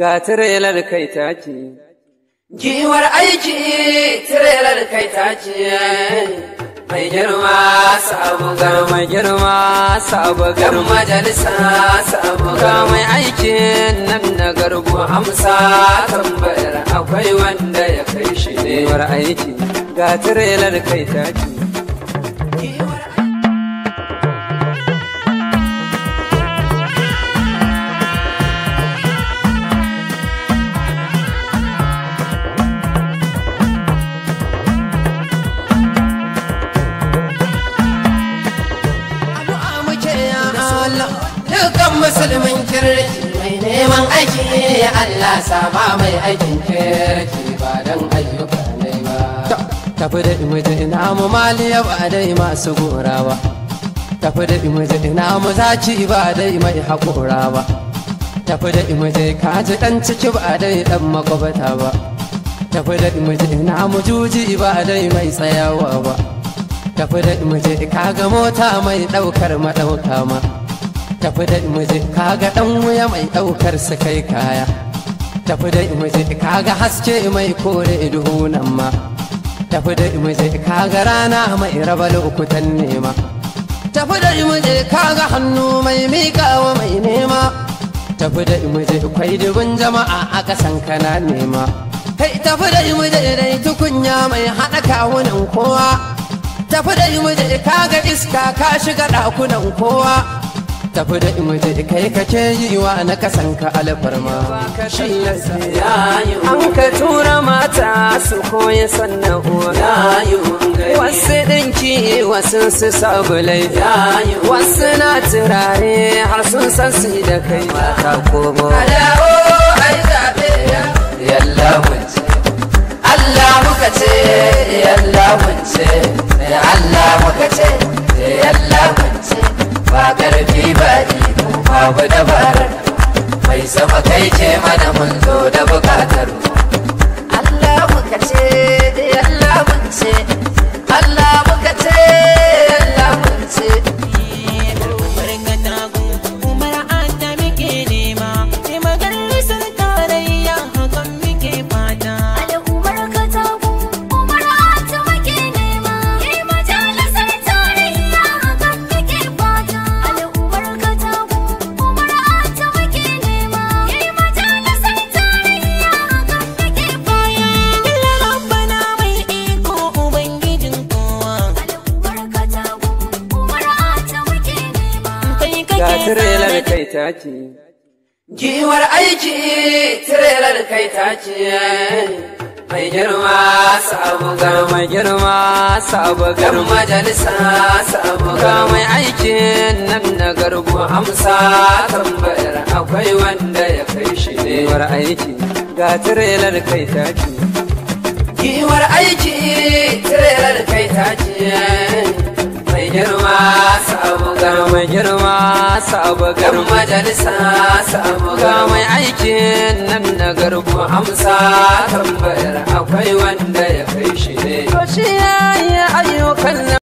ga tirelar kai ta ce. Giwar aiki tirelar kai ta ce, mai girma sabu gar mai girma sabu gar majalisa sabu ga mai aikin nan na garbu amsa tambayar akwai wanda ya kai shi ne war aiki ga tirelar kai ta ce. dukkan musulmin kirki mai neman aiki ya Allah sama mai aikin kirki ba don ayyuka ne ba tafi da imiji ina mu ya ba dai masu gora ba tafi da imiji ina mu zaci ba dai mai haƙora ba tafi da imiji kaji dan ciki ba dai dan makwabata ba tafi da imiji ina mu juji ba dai mai tsayawa ba tafi da imiji kaga mota mai ɗaukar maɗauka ma tafi da miji kaga dan wuya mai daukar sa kai kaya tafi da miji kaga haske mai kore duhu nan ma tafi da miji kaga rana mai raba lokutan nema tafi da miji kaga hannu mai miƙawa mai nema tafi da miji kai dubun jama'a a kasan kana nema kai tafi da miji dai tukunya mai hada kawunan kowa tafi da miji kaga iska ka shiga dakunan kowa tafi da imuje kai ka yi wa na kasanka alfarma shi an ka tura mata su koyi sana'uwa wasu dinki wasu su sabulai wasu na turare har sun san su da kai mata komo. o ai zabe ya. Yalla mun dabu-dabar mai zama kai ce mana mun zo da bukatar kai ta ce. Giwar aiki tirelar kai ta ce. Mai girma sabu ga mai girma sabu ga majalisa sabu ga mai aiki nan na garbu amsa tambayar akwai wanda ya kai shi ne. Giwar aiki ga tirelar kai ta ce. Giwar aiki tirelar kai ta ce. saba garin majalisa sabu ga mai aikin nan na garku amsa tambayar akwai wanda ya kai shi